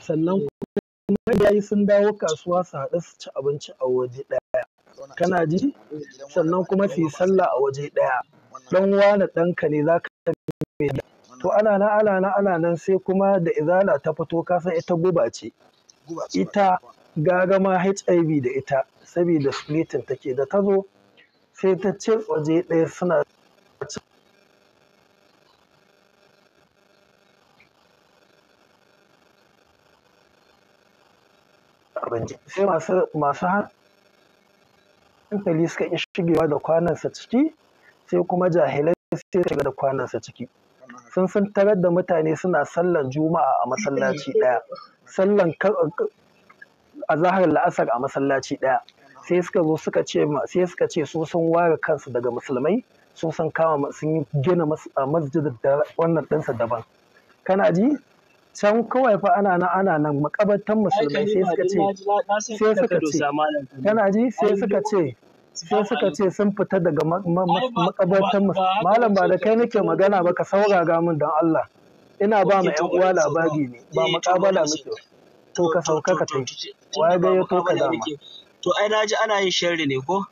sannan kuma yi sun dawo kasuwa su haɗu su ci abinci a waje ɗaya. Kana ji? Sannan kuma su yi sallah a waje ɗaya. Ɗan wane ɗanka ne za ka To ana na ana na ana nan sai kuma da izala ta fito kasan ita guba ce. Ita gagama HIV da ita saboda splitting take da ta zo sai ta ce waje ɗaya suna abinci sai masu masu hankali suka yi shigewa da kwanansa ciki sai kuma jahilai sai shiga da kwanansa ciki sun sun tarar da mutane suna sallan juma'a a masallaci ɗaya sallan a zahar la'asar a masallaci ɗaya sai suka zo suka ce sai suka ce su sun ware kansu daga musulmai sun kama sun gina masjid da wannan ɗinsa daban kana ji can kawai fa ana nan ana nan makabartan musulmai sai suka ce sai suka ce kana ji sai suka ce sai suka ce sun fita daga makabartan musulmai malam ba da kai nake magana ba ka sauraga min don Allah ina ba ma yan uwa labari ne ba eh, makabala muke to ka sauka ka tai waye ga ya to ka dama to ai naji ana yin sharri ne ko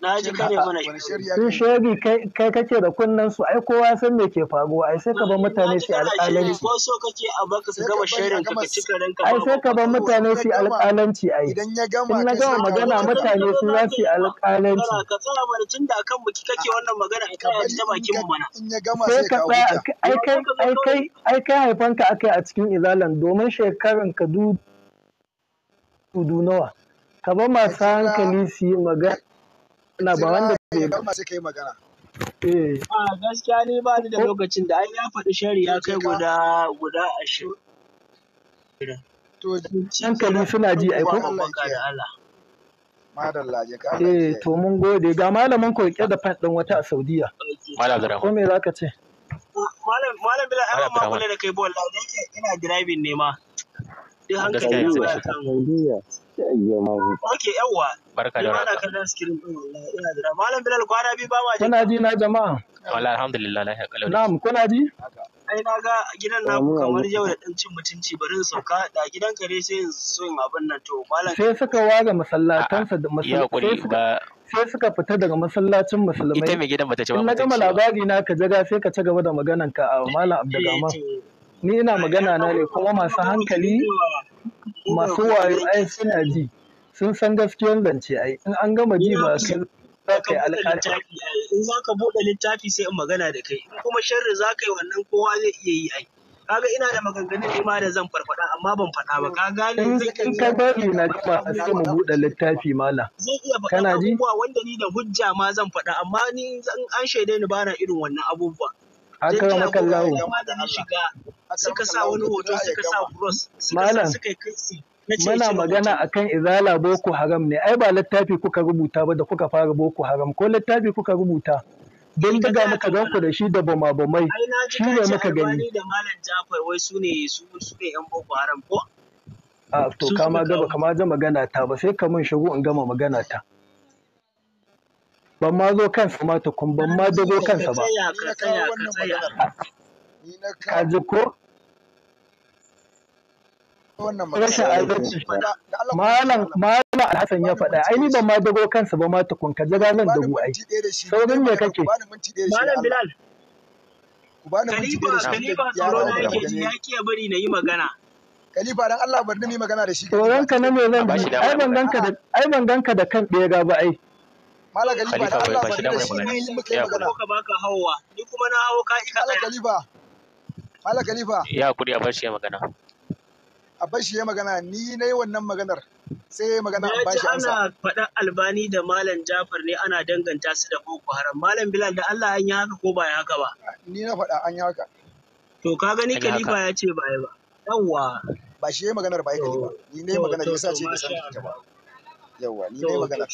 na ji kare mana sun shegi kai kake da kunnan su ai kowa san me ke faruwa ai sai ka ba mutane su alƙalanci ko so kake a baka su gama sharin ka ka cika ranka ai sai ka ba mutane su alƙalanci ai idan ya gama in na gama magana mutane su za su alƙalanci ka tsaya mana da kan mu kake wannan magana ka ya ta bakin mu mana in ya gama sai ka tsaya ai kai ai kai ai kai haifanka akai a cikin izalan domin shekarun ka du du nawa ka ba masu hankali su yi magana na ba wanda ba masu kai magana eh. a gaskiya ni ba ni da lokacin da an ya faɗi shari ya kai guda guda ashirin to hankali suna ji aiko? ko madalla je ka eh to mun gode ga malamin ko ke da fan wata a Saudiya malam ko me zaka ce malam malam bila ai ma kula da kai bolla ina driving ne ma duk hankali ya kan Ok, yawwa. Barka da kallon screen din wallahi ina jira. Malam Bilal kwana biyu ba ma Kuna ji na jama'a? Wallahi alhamdulillah Na'am, kuna ji? Ai na ga gidan kamar yau da dan cin mutunci bari sauka da gidan sai so in abin nan to malam. Sai suka waga masallatansa da masallatai. sai suka fita daga masallacin musulmai. Ita mai gidan bata ci ba. Na gama labari na ka jaga sai ka ci gaba da maganan ka a malam Abdulrahman. Eh, Ni ina magana na ne kuma masu hankali masu wayo ai suna ji sun san gaskiyar zance ai in an gama ji ba su za ka yi alƙalci in za ka buɗe littafi sai in magana da kai kuma sharri za ka yi wannan kowa zai iya yi ai kaga ina da maganganun ima da zan farfada amma ban faɗa ba ka gane zai ka bari na kuma a sai mu buɗe littafi mala zai iya wanda ni da hujja ma zan faɗa amma ni an shaide ni bana irin wannan abubuwa aka yi maka lawo suka sa wani hoto suka sa cross suka sa suka kai Muna magana kan izala Boko Haram ne, ai ba littafi kuka rubuta ba da kuka fara Boko Haram, ko littafi kuka rubuta. Don daga muka gan ku da shi da bama bamai, shi ne muka gani. da Malam Jafar wai su ne su ne yan Boko Haram ko? A to kama gaba kama ja magana ta ba sai ka mun shigo in gama magana ta. ban ma zo kansa ma tukun ban ma dago kansa ba ka ji ko rashin adalci malam alhassan ya faɗa ai ni ban ma dago kansa ba ma tukun ka ji ranar dago ai saurin me kake malam bilal kalifa don Allah ji bari na yi magana da shi tsoron ka na me zan bi ai ban ganka ai ban ganka da kan ɗaya ga ba ai Mala Galiba da Allah ba shi ne muka yi magana. Ka baka hawa, ni kuma na hawo ka ɗaya. Mala Galiba. Mala Ya kuri a bashi ya magana. A bashi ya magana ni nayi wannan maganar. Sai ya magana a bashi amsa. Ana faɗan Albani da Malam Jafar ne ana danganta su da Boko Haram. Malam Bilal da Allah an yi haka ko ba ya haka ba? Ni na faɗa an yi haka. To ka gani Khalifa ya ce ba ya ba. Yawwa. Ba shi ya maganar ba ya Khalifa. Ni ne maganar yasa ce da san ba. Yawwa ni dai magana.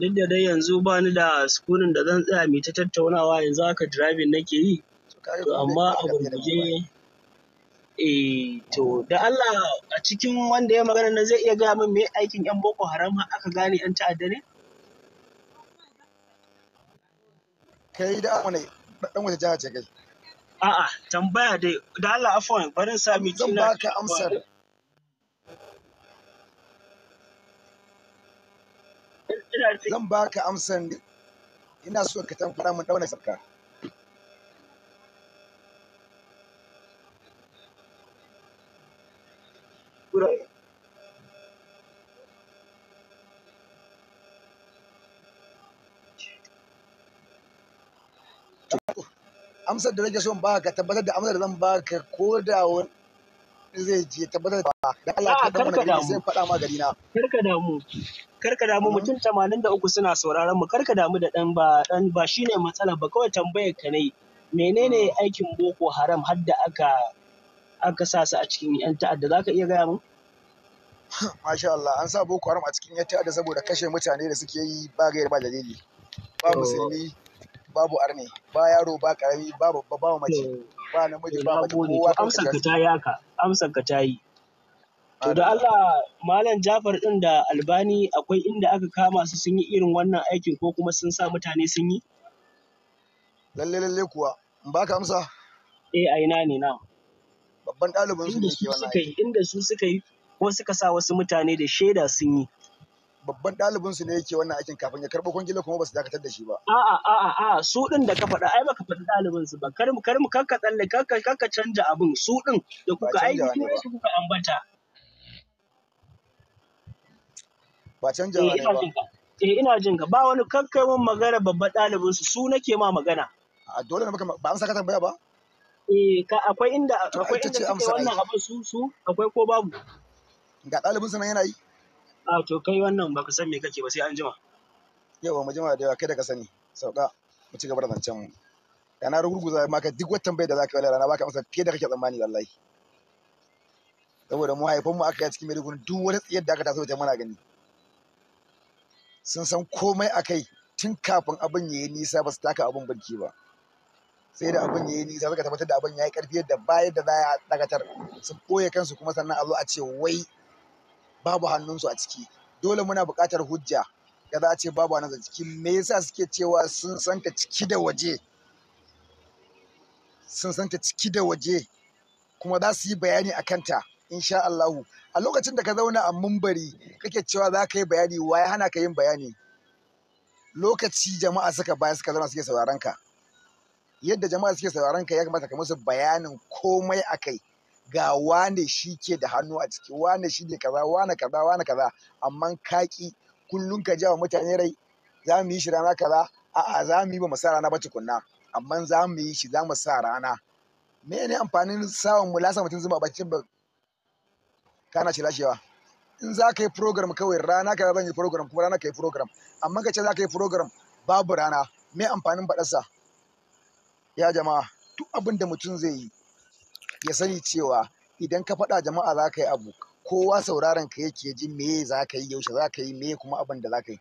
Duk da dai yanzu ba ni da sukunin da zan tsaya mai ta tattaunawa yanzu haka driving nake yi. To amma a gurguje eh to da Allah a cikin wanda ya magana nan zai iya gaya min me aikin 'yan Boko Haram aka gane 'yan ta'adda ne? Kai da wane ɗan wata jiha ce kai? A'a tambaya dai da Allah afuwan barin sami kina. Zan baka amsar. zan baka amsan ina so ka tamfara mun dauna sabka amsar da rage son baka tabbatar da amsar da zan baka ko da wani zai je tabbatar da dan Allah ka dan wani gari zai faɗa ma gari na karka damu karka mu mutum 83 suna sauraron mu karka damu da dan ba dan ba shine matsala ba kawai tambayar ka ne menene hmm. aikin boko haram har da aka aka sa su a cikin yan ta'adda zaka iya gaya mu Masha Allah an sa boko haram a cikin yan ta'adda saboda kashe mutane da suke yi ba gaira ba dalili ba oh. musulmi babu arne ba yaro ba karami ba babba ba mace oh. ba namiji ba mace kowa amsar ka tayi haka amsar ka tayi To da Allah Malam Jafar ɗin da Albani akwai inda aka kama su sun yi irin wannan aikin ko kuma sun sa mutane sun yi? Lalle lalle kuwa, in baka amsa? Eh a ina ne na. Babban ɗalibin su ne ke wannan aikin. Inda su suka yi ko suka sa wasu mutane da shaida sun yi. Babban ɗalibin su ne yake wannan aikin kafin ya karɓi kwangila kuma ba su dakatar da shi ba. A'a a'a a'a su ɗin da ka faɗa ai baka faɗi ɗalibin su ba kar mu kar mu kanka tsalle kanka canja abin su ɗin da kuka aiki kuka ambata. ba canja eh, ba eh ina jin ka ba wani kankai mun magana babban ɗalibin su su nake ma magana a dole ne ba an saka tambaya ba eh ka akwai inda akwai inda kake wannan abin su su akwai ko babu ga ɗalibin su nan yana yi a to kai wannan baka san me kake ba sai an jima yawa mu jima da yawa kai da ka sani sauka mu ci gaba da zancen mu yana rugurguza maka duk wata tambaya da zaka yi rana baka amsa fiye da kake tsammani wallahi saboda mu haifan mu aka yi cikin Maiduguri duk wata tsiyar da aka taso ta mana gani sun san komai a kai tun kafin abin ya yi nisa ba su taka abin barki ba sai da abin ya yi nisa suka tabbatar da abin ya yi karfi yadda bayan da za a dagatar sun ɓoye kansu kuma sannan a zo a ce wai babu hannunsu a ciki dole muna buƙatar hujja da za a ce babu hannunsu a ciki me yasa suke cewa sun san ka ciki da waje sun san ka ciki da waje kuma za su yi bayani a kanta insha Allahu a lokacin da ka zauna a mumbari kake cewa za ka yi bayani wa ya hana ka yin bayani lokaci jama'a suka baya suka zauna suke sauraron ka yadda jama'a suke sauraron ka ya kamata ka musu bayanin komai a kai ga wane shi ke da hannu a ciki wane shi ne kaza wane kaza wane kaza amma kaki kullum ka jawa mutane rai za mu yi shi rana kaza a'a za mu yi ba mu sa rana ba tukunna amma za mu yi shi za mu sa rana me ne amfanin sawan mu lasa mutum zuma bacci ba kana ce lashewa in za ka yi program kawai rana ka zan yi program kuma rana ka yi program amma ka ce za ka yi program babu rana me amfanin baɗarsa ya jama'a duk abin da mutum zai yi ya sani cewa idan ka faɗa jama'a za ka yi abu kowa sauraron ka yake ji me za ka yi yaushe za ka yi me kuma abin da za ka yi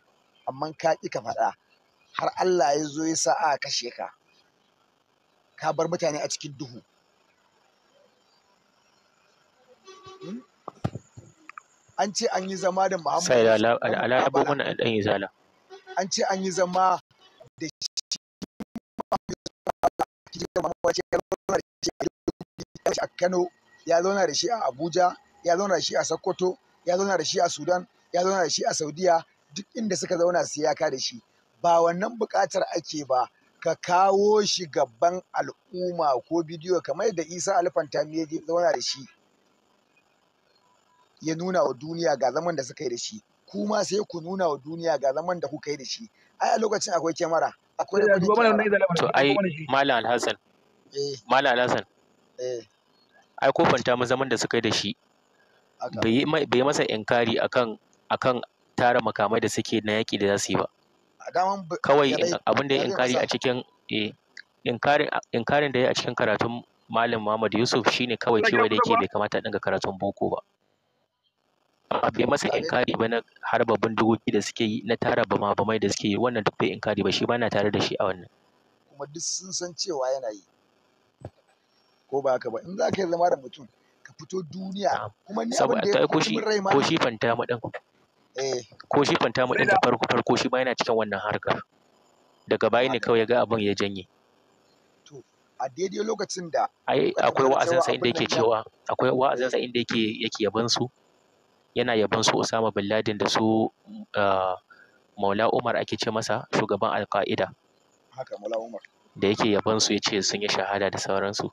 amma ka ƙi ka faɗa har Allah ya zo ya sa a kashe ka ka bar mutane a cikin duhu hmm? an ce an yi zama da Muhammadu sai al'arabun ɗan izala an ce an yi zama da shi a Kano ya zauna da shi a Abuja ya zauna da shi a Sokoto ya zauna da shi a Sudan ya zauna da shi a Saudiya duk inda suka zauna su ya da shi ba wannan buƙatar ake ba ka kawo shi gaban al'umma ko bidiyo kamar da Isa Alfantami ya zauna da shi ya nuna wa duniya ga zaman da suka yi da shi kuma sai ku nuna wa duniya ga zaman da kuka yi da shi ai a lokacin akwai kyamara akwai eh, to ai malam alhassan eh. malam alhassan eh. ai ko fanta mu zaman da suka yi da shi bai masa inkari akan akan tara makamai da suke na yaƙi da za su yi ba kawai abin da ya inkari a cikin inkarin da ya a cikin karatun malam Muhammad Yusuf shine kawai cewa da yake bai kamata a dinga karatun boko ba bai masa inkari ba na harba bindigogi da suke yi na tara bama mai da suke yi wannan duk bai inkari ba shi ba na tare da shi a wannan kuma duk sun san cewa yana yi ko ba haka ba in za ka yi zama da mutum ka fito duniya kuma ni abin da ya ko shi eh. ko shi fanta mu ko shi fanta mu da farko farko shi ba yana cikin wannan harkar daga baya ne kawai ya ga abin ya janye a daidai lokacin da ai akwai wa'azin sa inda yake cewa akwai wa'azin sa inda yake yake yaban su yana yabon su Osama bin Laden da su ah, Maula Umar ake ce masa shugaban Al-Qaida. Haka Maula Umar. Da yake yabon su yace sun yi shahada da sauransu.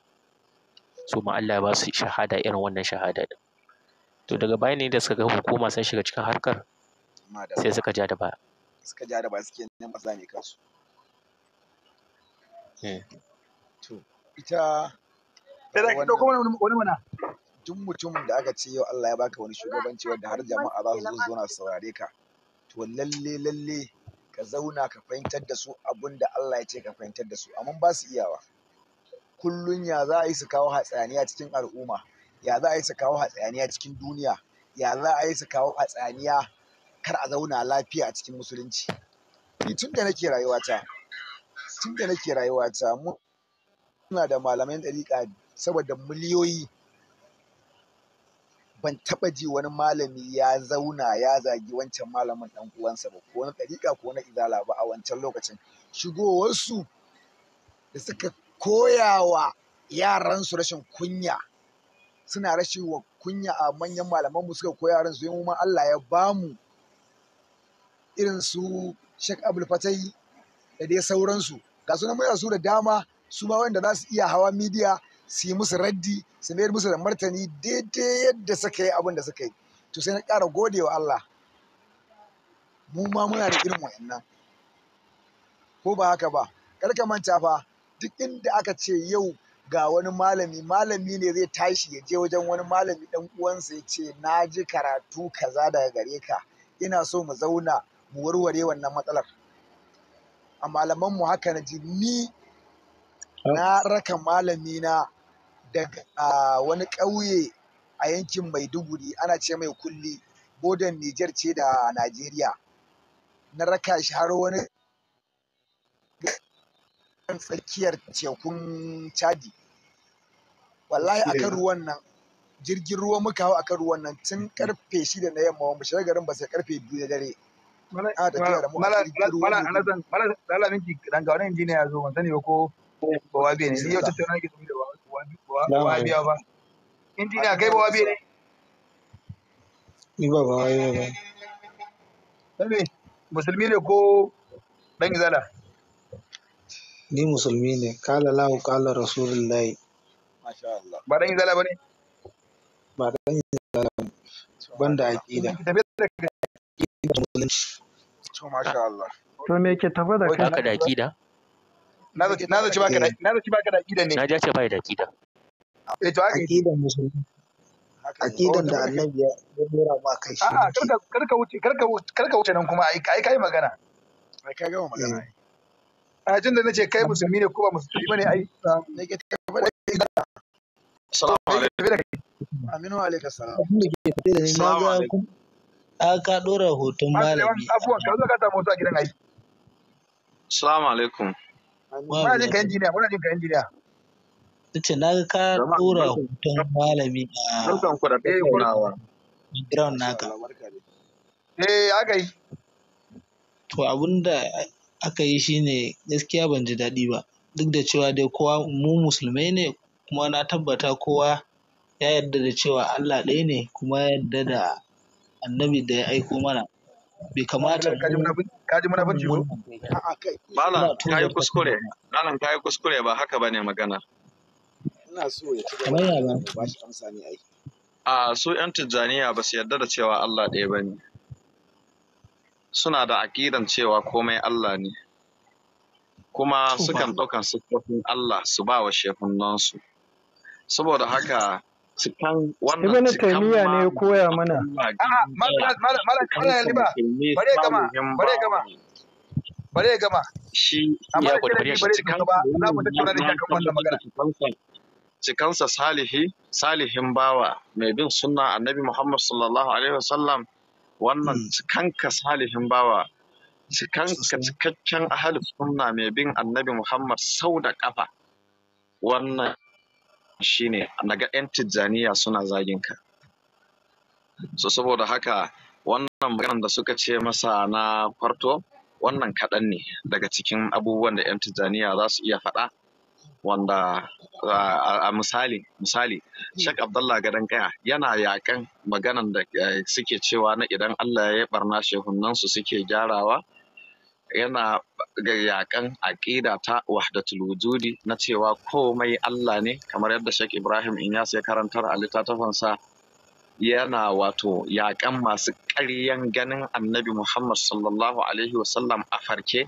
Su ma Allah ya ba su shahada irin wannan shahada din. To daga baya ne da suka ga hukuma sun shiga cikin harkar sai suka ja da baya. Suka ja da baya suke neman zane kansu. Hmm. To ita. Sai da wani mana. duk mutumin da aka ce yau Allah ya baka wani shugabanci wanda har jama'a za su zo su zauna su saurare ka to lalle lalle ka zauna ka fahimtar da su abinda da Allah ya ce ka fahimtar da su amma ba su iyawa kullun ya za a yi su kawo hatsaniya cikin al'umma ya za a yi su kawo hatsaniya cikin duniya ya za a yi su kawo hatsaniya kar a zauna lafiya a cikin musulunci ni tun da nake rayuwata tun da nake ta muna da malaman ɗariƙa saboda miliyoyi ban taɓa ji wani malami ya zauna ya zagi wancan malamin ɗan uwansa ba ko na ɗariƙa ko na izala ba a wancan lokacin shigowarsu da suka koyawa yaransu rashin kunya suna rashin wa kunya a manyan malaman mu suka koya ran su mu ma Allah ya bamu irin su Sheikh Abdul Fatai da dai sauransu ga sunan mai su da dama su ma wanda za su iya hawa midiya su yi musu raddi su mayar musu da martani daidai yadda suka yi abin da suka yi to sai na ƙara gode wa Allah mu ma muna da irin wayannan ko ba haka ba ka manta fa duk inda aka ce yau ga wani malami malami ne zai tashi ya je wajen wani malami dan uwansa ya ce na ji karatu kaza daga gare ka ina so mu zauna mu warware wannan matsalar a malaman mu haka na ji ni na raka malami na da wani ƙauye a yankin Maiduguri ana ce mai kulli bodan Nijar ce da Najeriya. Na raka shi har wani tsakiyar tekun Chadi. Wallahi akan ruwan nan jirgin ruwa muka hau akan ruwan nan tun karfe shida na yamma mu shiga garin ba sai karfe biyu da dare. Mala alasan mala alasan ba ba ni ba ba ba musulmi ne ko ɗan izala ni musulmi ne kala lahu kala rasulullahi ba dan izala ba ne ba dan izala ba banda aqida to me ke tafa da kai da aqida na zaci na zaci baka da eh. na zaci baka da akida ne na ja ce bai da akida eh to musulmi akidan da annabi ya dora ma kai shi a'a karka karka wuce karka wuce karka wuce nan kuma ai kai kai magana ai ka gama magana a jin eh. da nace kai musulmi ne ko ba musulmi bane ai ne assalamu alaikum aminu ah, alaikum ka dora hoton malami afuwan ka zo ka samu a gidan ai assalamu alaikum Muna ka injiniya, ka na ka dora hoton malami a Ground naka. Eh, aka yi. To abinda aka yi shine gaskiya ban ji daɗi ba. Duk da cewa dai kowa mu musulmai ne kuma na tabbata kowa ya yarda da cewa Allah ɗaya ne kuma ya yarda da annabi da ya aiko mana. bai kamata kaji munafunci ko malam kai kuskure malam kai kuskure ba haka bane magana ina so ya ci gaba ba shi amsa ne ai a su yan tijjaniya ba su yarda da cewa Allah ɗaya ba ne. suna da aƙidan cewa komai Allah ne kuma sukan ɗaukan siffofin Allah su ba wa shefunansu saboda haka cikan wannan ibn taymiya ne ya koya mana a'a malam malam liba bare gama bare gama bare gama shi ya ko bare shi cikan za mu tattauna da kan wannan magana cikansa salihi salihin bawa mai bin sunna annabi Muhammad sallallahu alaihi wasallam wannan cikanka salihin bawa cikanka cikakken ahal sunna mai bin annabi Muhammad sau da kafa wannan shine naga 'yan tijjaniya suna zagin ka so saboda haka wannan maganan da suka ce masa na farto wannan kaɗan ne daga cikin abubuwan da 'yan tijjaniya za su iya faɗa wanda a misali misali shek Abdullah Gadan Kaya yana yakan maganan da eh, suke cewa na idan Allah ya barna shehunan su suke gyarawa yana ga yakan aƙida ta wahdatul wujudi na cewa komai Allah ne kamar yadda Sheikh Ibrahim Inyas ya karantar a littattafansa yana wato yaƙan masu ƙaryan ganin annabi Muhammad sallallahu alaihi wasallam a farke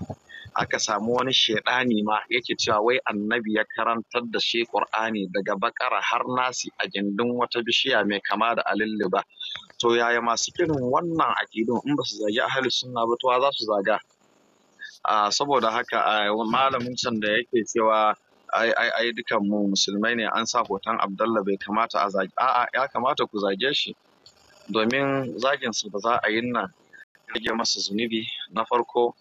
aka samu wani shaidani ma yake cewa wai annabi ya karantar da shi Qur'ani daga bakara har nasi a gindin wata bishiya mai kama da alilliba to yaya masu irin wannan aƙidun in ba su zagi ahlus sunna ba to za su zaga saboda haka malamin can da yake cewa ai ai dukan mu musulmai ne an sa hoton Abdullahi. bai kamata a zage a'a ya kamata ku zage shi domin zagin su ba za a yi nan rage masa zunubi na farko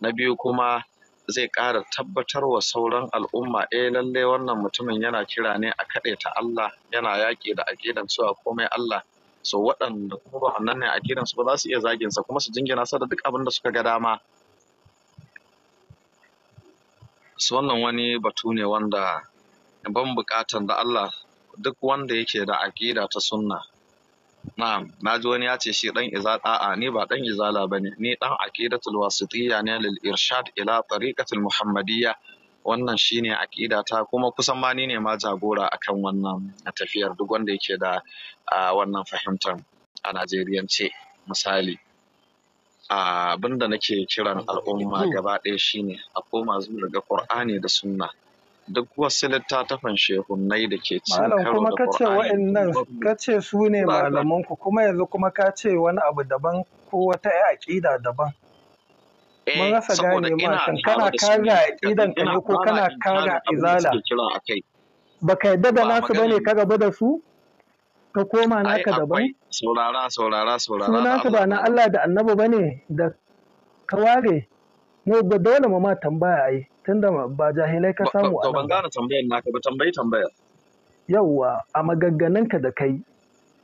na biyu kuma zai ƙara tabbatar wa sauran al'umma eh lalle wannan mutumin yana kira ne a kaɗe ta Allah yana yaƙi da aƙidan cewa komai Allah so waɗanda kuma ba wannan ne aƙidan su ba za su iya zagin sa kuma su jingina sa da duk abin da suka ga dama su wannan wani batu ne wanda ban bukatan da Allah duk wanda yake da aƙida ta sunna na'am naji wani ya ce shi dan iza a'a ni ba dan izala bane ni dan aqidatul wasitiyya ne lil irshad ila tariqatul muhammadiyya wannan shine aƙida ta kuma kusan ma ni ne ma jagora akan wannan tafiyar duk wanda yake da wannan fahimtar a Najeriyance misali abin da nake kiran al'umma hmm. gaba ɗaya shine a koma zuwa ga Qur'ani da Sunna duk wasu littattafan shehunnai da ke cin karo da kuma ka ce wa'annan ka ce su ne malaman ku kuma yanzu kuma ka ce wani abu daban ko wata ya aƙida daban mun eh, rasa gane ma shin kana kare aƙidan ka ne ko kana kare izala baka yadda da nasu bane ka gaba da su ka koma naka daban saurara saurara saurara sunanka ba na Allah da annabi bane da ka ware mu ba dole mu ma tambaya ai tunda ba jahilai ka samu ba. ban gane tambayar naka ba tambayi tambayar yawwa a ka da kai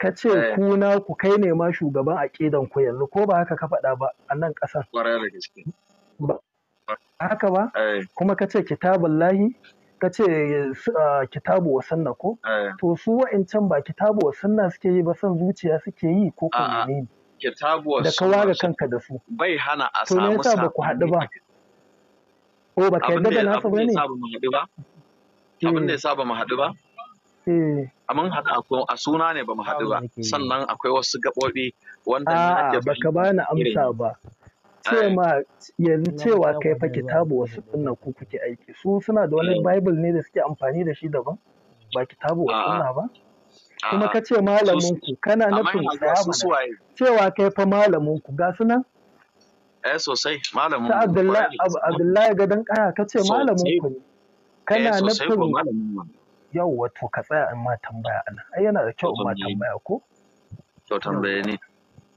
ka ce eh. ku na ku kai ne ma shugaban aƙidan ku yanzu ko ba haka ka faɗa ba a nan ƙasar haka ba eh. kuma ka ce kitabullahi ka ce kitabu wa sunna ko eh. to su wa'ancan ba kitabu wa sunna suke yi ba san zuciya suke yi ko ko ne kitabu wa da ka ware kanka da su bai hana a samu to ba ku haɗu ba ko oh, ba ka yarda da nasu bane abin da ya saba mu haɗu ba eh. Amin eh. haɗa a suna ne ba mu haɗu ba sannan akwai wasu gaɓoɓi wanda ba ka bani amsa ba cewa yanzu cewa kai fa kitabu wasu sunna ku kuke aiki su suna da wani bible ne da suke amfani da shi daban ba kitabu wasu sunna ba kuma ka ce malamin ku kana nufin cewa kai fa malamin ku ga suna eh sosai malamin ku Abdullahi Abdullahi gadan kaya ka ce malamin ku ne kana eh, nufin yau wato ka tsaya in ma tambaya ana ai yana da kyau in ma tambaya ko to tambaye ni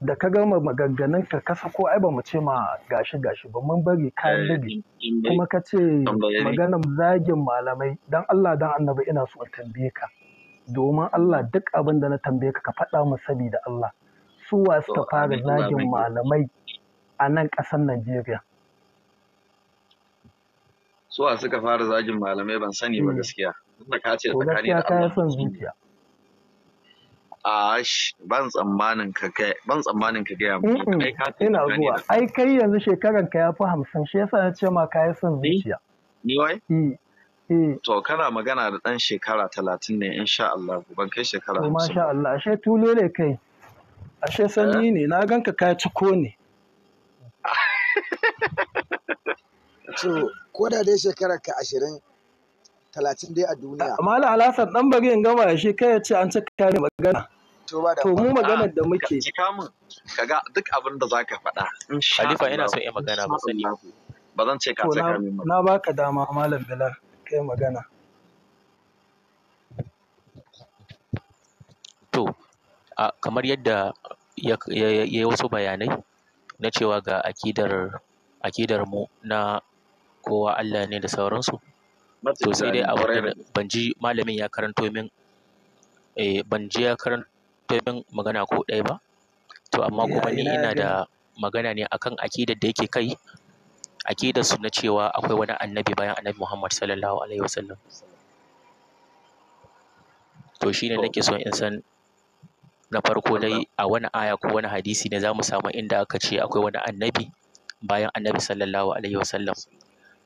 da ka gama maganganun ka kasa ko ai ba mu ce ma gashi gashi ba mun bari kayan eh, dabi kuma ka ce maganar zagin malamai dan Allah dan annabi ina so a tambaye ka domin Allah duk abin da na tambaye ka ka faɗa mu saboda Allah su wa suka fara zagin malamai a nan ƙasar Najeriya su wa suka fara zagin malamai ban sani ba hmm. gaskiya tunda ka ce tsakani da Allah zuciya a ban tsammanin ka ban tsammanin ka gaya mu ina zuwa ai kai yanzu shekaran ka yafi hamsin shi yasa na ce ma kai son zuciya ni wai mm, mm. to kana magana da dan shekara talatin ne insha Allah ban kai shekara hamsin masha Allah ashe tulo ne kai ashe sanni ne na ganka ka ciko ne to ko da dai shekarar ka ashirin talatin dai a duniya. Malam Alhassan dan bari in gama shi kai ya ce an cika ne magana. to mu maganar da ah, muke cika kaga duk abin da zaka faɗa Khalifa ina son yi magana ba sani ba zan ce ka saka min na baka dama malam Bilal kai magana to kamar yadda ya yi wasu bayanai na cewa ga akidar akidar mu na kowa Allah ne da sauransu to sai dai a wurin ban ji malamin ya karanto min eh ban ji ya karanto ta magana ko ɗaya ba to amma kuma ni ina da magana ne akan akidar da yake kai akidar su na cewa akwai wani annabi bayan annabi Muhammad sallallahu alaihi wasallam to shine nake so in san na farko dai a wani aya ko wani hadisi ne za mu samu inda aka ce akwai wani annabi bayan annabi sallallahu alaihi wasallam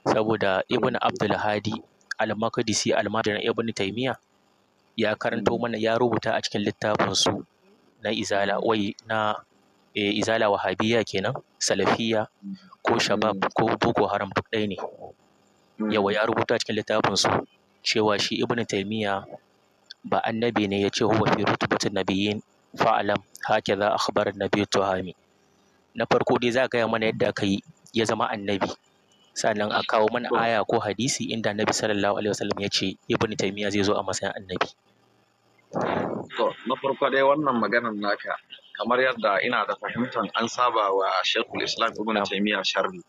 saboda ibn abdul hadi al-maqdisi al-madani ibn taymiya ya karanto mana ya rubuta a cikin littafinsu na izala wai na e, izala wahabiya kenan salafiya ko shabab mm. ko boko haram duk ɗaya ne mm. yawa ya rubuta a cikin littafinsu cewa shi ibnu taymiya ba annabi ne ya ce huwa fi rutubatin nabiyyin fa'alam hakaza akhbaran nabiyyu tuhami na farko dai za ka gaya mana yadda aka yi ya zama annabi sannan a kawo mana aya ko hadisi inda annabi sallallahu alaihi wasallam ya ce ibnu taymiya zai zo a matsayin annabi To, na farko dai wannan maganan naka, kamar yadda ina da fahimtar an saba wa Shekul Islam Ibn taimiyya sharri.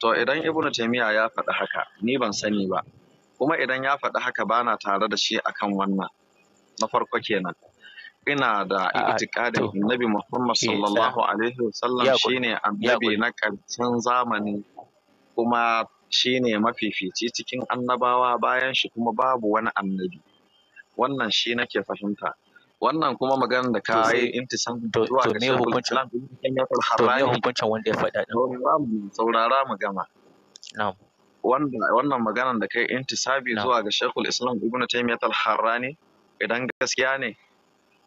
To, idan Ibn taimiyya ya faɗi haka, ni ban sani ba, kuma idan ya faɗi haka bana tare da shi akan wannan. Na farko kenan. Ina da itikadin Annabi Muhammad sallallahu alaihi wasallam shine annabi na ƙarshen zamani kuma shine mafifici cikin annabawa bayan shi kuma babu wani annabi. wannan shi nake fahimta wannan kuma magana da ka yi intisan zuwa ga shekul hukuncin to ne hukuncin wanda ya faɗa din saurara mu gama na'am wannan maganan da kai intisabi zuwa ga shekul islam Ibn taymiyyah al-harrani idan gaskiya ne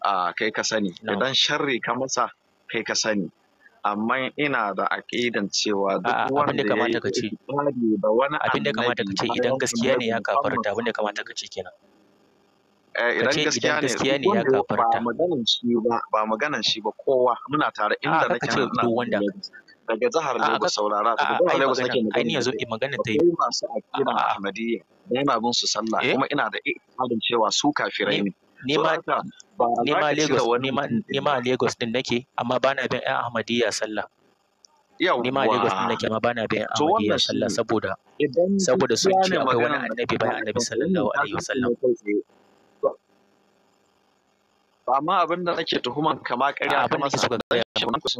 a kai ka sani idan sharri ka masa kai ka sani amma ina da aƙidan cewa duk wanda ya yi da wani abin da kamata ka ce idan gaskiya ne ya kafarta abin da kamata ka ce kenan Eh, idan gaskiya ne ya kafarta ba maganan shi ba ba maganan shi ba kowa muna tare inda nake nan wanda daga ne Lagos saurara ba ne Lagos sake magana ai yanzu in magana ta yi masu akira Ahmadiyya yana bin su sallah eh? kuma ina da ikirarin cewa su kafirai ne nema ma Lagos nema Lagos din nake amma bana bin ƴan Ahmadiyya sallah nema Lagos din nake amma bana bin Ahmadiyya sallah saboda saboda sun ce akwai wani annabi bayan annabi sallallahu alaihi wasallam amma abin da nake tuhuman kama ƙarya ba masa suka gaya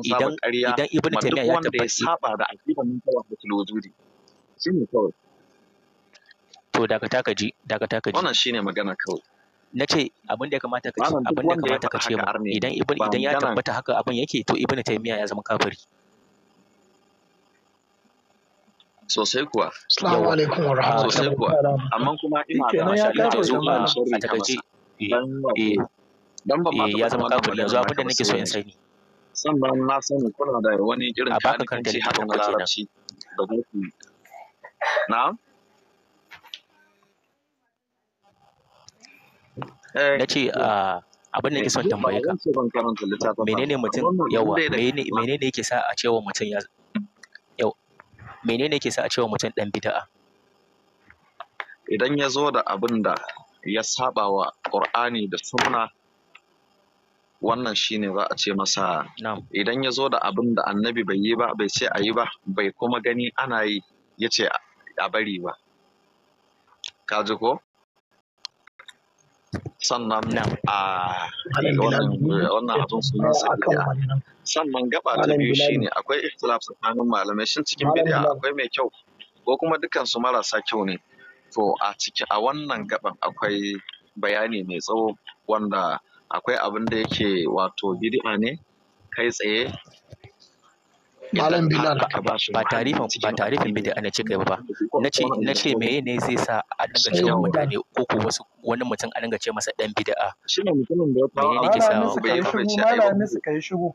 idan idan ibnu taymiya ya tabbaci saba da aqidan min da wujudi shine kawai to daga taka ji daga taka ji wannan shine magana kawai nace abin da ya kamata ka ce abin da ya kamata ka ce idan ibnu idan ya tabbata haka abin yake to ibnu taymiya ya zama kafiri sosai kuwa assalamu alaikum warahmatullahi rahmatullahi sosai kuwa amma kuma ina da mashallah to zo a takaice Eh, ya zama kafiri yanzu abin da nake so in sani sannan na sani kuna da wani irin na da na na ce abin da nake son tambaye ka menene mutum yawa menene yake sa a cewa mutum ya menene yake sa a cewa mutum dan bid'a idan ya zo da abin da ya saba wa ƙur'ani da Sunna wannan ne za a ce masa idan ya zo da abin da annabi bai yi ba bai ce a yi ba bai kuma gani ana yi ya ce a bari ba ka ji ko sannan a eh, wannan abin sun sannan gaba ta biyu shi ne. akwai ikhtilaf tsakanin malamai shin cikin bid'a akwai mai kyau ko kuma dukansu marasa kyau ne to a ciki a wannan gaban akwai bayani mai tsawo wanda akwai abin da yake wato bid'a ne kai tsaye Malam Bilal ba tarifin ba tarifin bid'a ne cike ba nace nace meye ne zai sa a dinga cewa mutane ko ko wasu wani mutum a dinga ce masa dan bid'a shine mutumin da ya kawo ne ke sa fara ce ai ba su kai shigo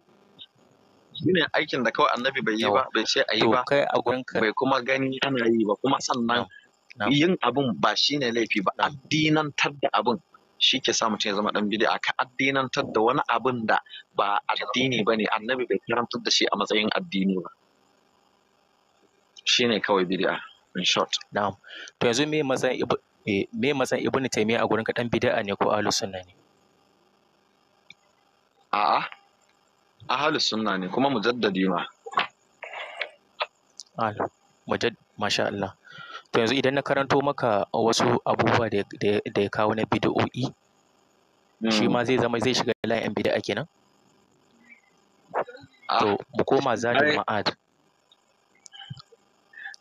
shine aikin da kawai annabi bai yi ba bai ce ayi ba bai kuma gani ana yi ba kuma sannan yin abun ba shine laifi ba tar da abun shi ke sa mutum ya zama dan bid'a ka addinantar da wani abin da ba addini bane annabi bai karantar da shi a matsayin addini ba shine kawai bid'a in short na'am to yanzu me matsayin me matsayin ibn taymiya a gurin ka dan bid'a ne ko ahlus sunna ne a'a ahlus sunna ne kuma mujaddadi ma ahlus masha Allah to yanzu idan na karanto maka wasu abubuwa da ya kawo na bidiyo'i, shi ma zai zama zai shiga layin bidiyo kenan to mu koma zadul ma'ad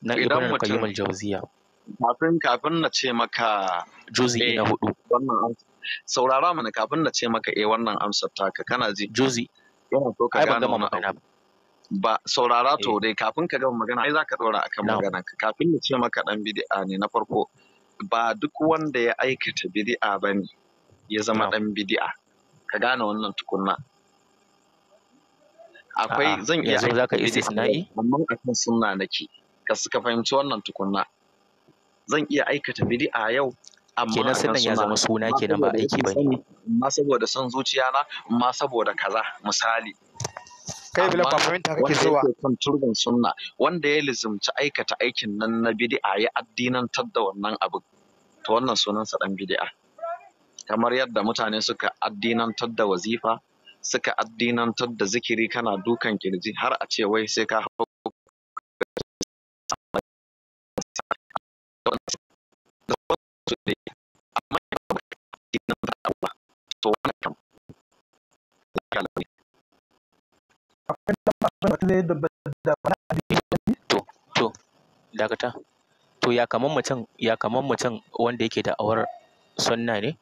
na ibn qayyim al kafin kafin na ce maka juzi eh, na hudu wannan saurara mana kafin na ce maka eh wannan amsar taka kana ji juzi yana so ka gano ba. ba saurara to eh. dai kafin ka gama magana ai zaka dora akan magana kafin ni ce maka dan bid'a ne na farko ba duk wanda ya aikata bid'a bane ya zama dan bid'a ka gane wannan tukunna akwai zan iya yanzu zaka istisna'i amma akan sunna nake ka suka fahimci wannan tukunna zan iya aikata bid'a yau amma kenan sunan ya zama suna kenan ba aiki bane amma saboda son zuciya na amma saboda kaza misali kai bila ba fahimta kake so ba kan turban sunna wanda ya lizumci aikata aikin nan na bid'a ya addinantar da wannan abu to wannan sunan sa dan bid'a kamar yadda mutane suka addinantar da wazifa suka addinantar da zikiri kana dukan kirji har a ce wai sai ka hau to wani kam mutum zai da to to dakata to ya kaman mutum ya kaman mutum wanda yake da awar sunna ne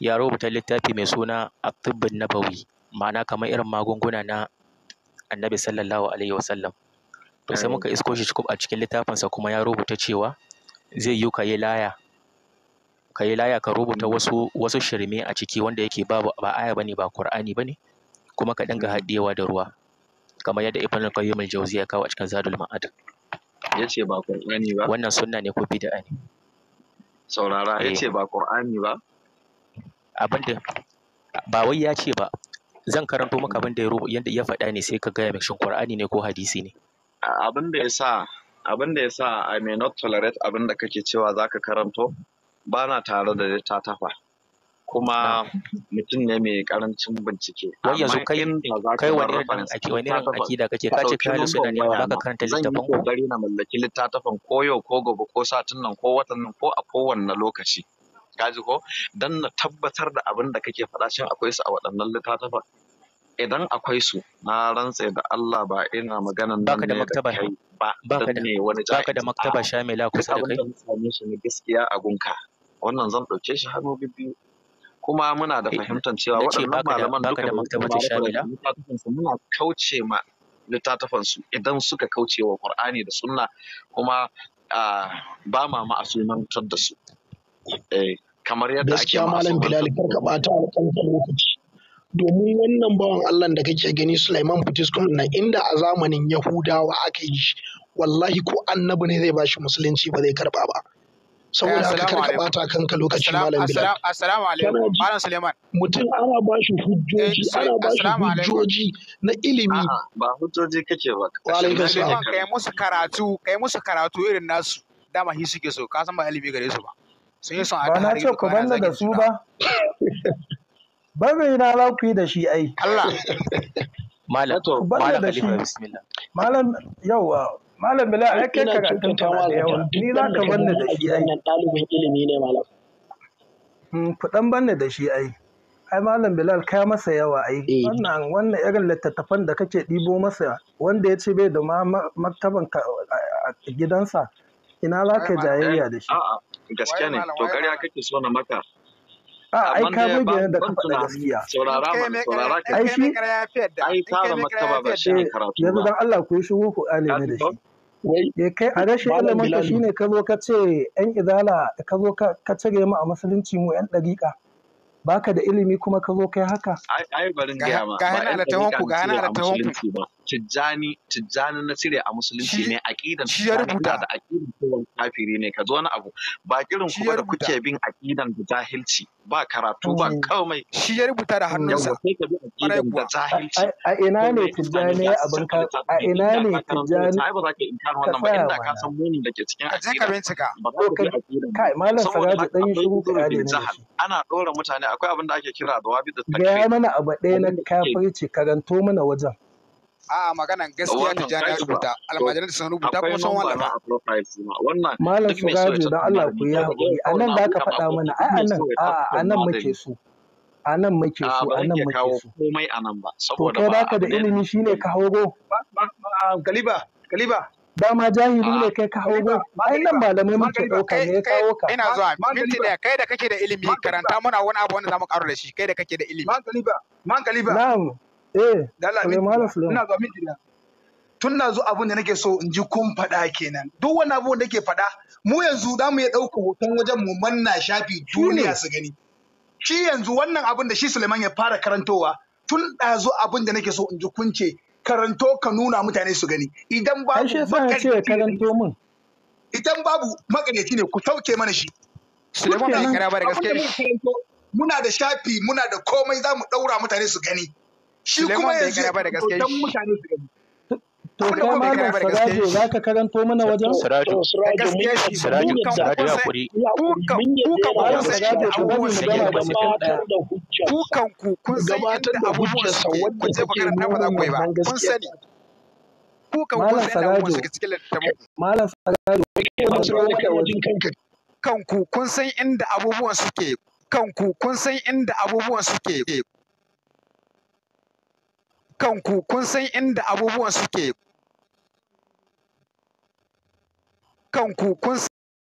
ya rubuta littafi mai suna at nabawi ma'ana kamar irin magunguna na annabi sallallahu alaihi wasallam to sai muka isko shi a cikin littafinsa kuma ya rubuta cewa zai yi ka yi laya ka yi laya ka rubuta wasu wasu shirme a ciki wanda yake ba ba aya bane ba qur'ani bane kuma ka dinga mm. haɗewa da ruwa kamar yadda Ibn al-Qayyim al-Jawzi ya kawo a cikin Zadul Ma'ad yace ba Qur'ani ba wannan sunna ne ko bid'a ne saurara yace ba Qur'ani ba abinda ba wai ya ce ba zan karanto maka abin da yanda ya faɗa ne sai ka gaya mai shin Qur'ani ne ko hadisi ne abin da yasa abin da yasa I may not tolerate abin da kake cewa zaka karanto ba na tare da littattafa kuma mutum ne mai karancin bincike. Wai yanzu kai kai wani irin ake wani irin akida kake ka ce kai da ne ba ka karanta littafin ko kokari na mallaki littafin ko yau ko gobe ko satin nan ko watan nan ko a kowanne lokaci. Kaji ko dan na tabbatar da abin da kake faɗa shin akwai su a waɗannan littattafan. Idan akwai su na rantse da Allah ba ina maganan nan ne da kai ba da ne wani jahi. da maktaba shamila kusa da kai. Abin da mutane shi gaskiya a gunka. Wannan zan ɗauke shi hannu biyu kuma muna da eh, fahimtar cewa waɗannan malaman duka da maktabatin shamila muna kauce ma littattafansu su idan suka kauce wa qur'ani da sunna kuma ba ma ma a sunantar da su eh, kamar yadda ake gaskiya malam bilal kar ka bata alƙalƙal lokaci domin wannan bawan Allah da kake gani Sulaiman Fitiskun na inda a zamanin Yahudawa aka yi wallahi ko annabi ne zai bashi musulunci ba zai karba ba saboda haka kar ka bata kanka lokaci malam bilal assalamu alaikum malam suleiman mutum ana ba shi hujjoji eh, ana ba shi hujjoji na ilimi ba hujjoji kake ba wa alaikum salam kai musu karatu kai musu karatu irin nasu dama shi suke so ka san ba ilimi gare su ba sun yi son a tare da ku banda da su ba ba mai na za ku da shi ai Allah malam malam bismillah malam yawa Malam Bila ai kai karatun fara da yawa. Ni za ka banna da shi ai. Wannan ɗalibin ilimi ne malam. Hmm, ku ɗan banna da shi ai. Ai Malam Bilal kai masa yawa ai. Eh. Wannan wannan irin littattafan da kake ɗibo masa wanda ya ce bai da ma maktaban gidansa. Ina za ka jayayya da shi. A'a gaskiya ne to ƙarya kake so na maka. A ai ka buge da kanka da gaskiya. Saurara ma saurara ka. Ai shi ai tara maktaba ba shi karatu. Yanzu dan Allah ku yi shigo ku ne da shi. Eh, kai a rashin ilimin ka shine ka zo ka ce yan izala ka zo ka cire mu a musulunci mu yan dariƙa baka da ilimi kuma ka zo kai haka ai bari ga ma ga hana da tahonku ga hana da tijjani tijjani na cire a musulunci ne aqidan tijjani da aqidan kowan kafiri ne ka zo wani abu ba kirin kuma da kuke bin aqidan da jahilci ba karatu ba mm. kawai shi ya rubuta da hannunsa da jahilci a ina ne tijjani abin ka a ina ne tijjani ai ba za ka inkar wannan ba inda ka san da ke cikin ka bincika kai malam sagaji dan yi ana dora mutane akwai abin da ake kira da wabi da takfir ga mana abu ɗaya na kafirci karanto mana wajen A'a maganan gaskiya ta jana rubuta almajiran da sun rubuta kuma sun wallafa. Malam su gaji don Allah ku yi haƙuri a nan da aka faɗa mana ai a nan a'a a nan muke so. A nan muke so a nan muke so. Komai a nan ba. To kai baka da ilimi shine ka hawo Galiba ah, Galiba dama jahili ne kai ka hauro ai nan malamai muke ɗauka ne ka hawo ka ina zuwa minti ne, kai da kake da ilimi karanta muna wani abu wanda zamu karo da shi kai da kake da ilimi man galiba man galiba na'am Eh, tun na zo abin da nake so in ji kun faɗa kenan. Duk wani abu da ke faɗa, mu yanzu za mu iya ɗauka hoton wajen mu manna shafi duniya su gani. Shi yanzu wannan abin da shi Suleiman ya fara karantowa, tun zo abin da nake so in ji kun ce karanto ka nuna mutane su gani. Idan babu makaryaci. Idan babu makaryaci ne ku sauke mana shi. Suleiman bai kira ba da gaske. Muna da shafi, muna da komai za mu ɗaura mutane su gani. shi kuma yanzu mutane su to kai malam sirajo za ka karanto mana wajen sirajo sirajo sirajo ya kuri kukan ku da kukan ku kun san abubuwan ku ce ku karanta ba za ku yi ba kun sani malam kanku kun san inda abubuwan suke kanku kun san inda abubuwan suke dukkanku kun san inda abubuwan suke kanku kun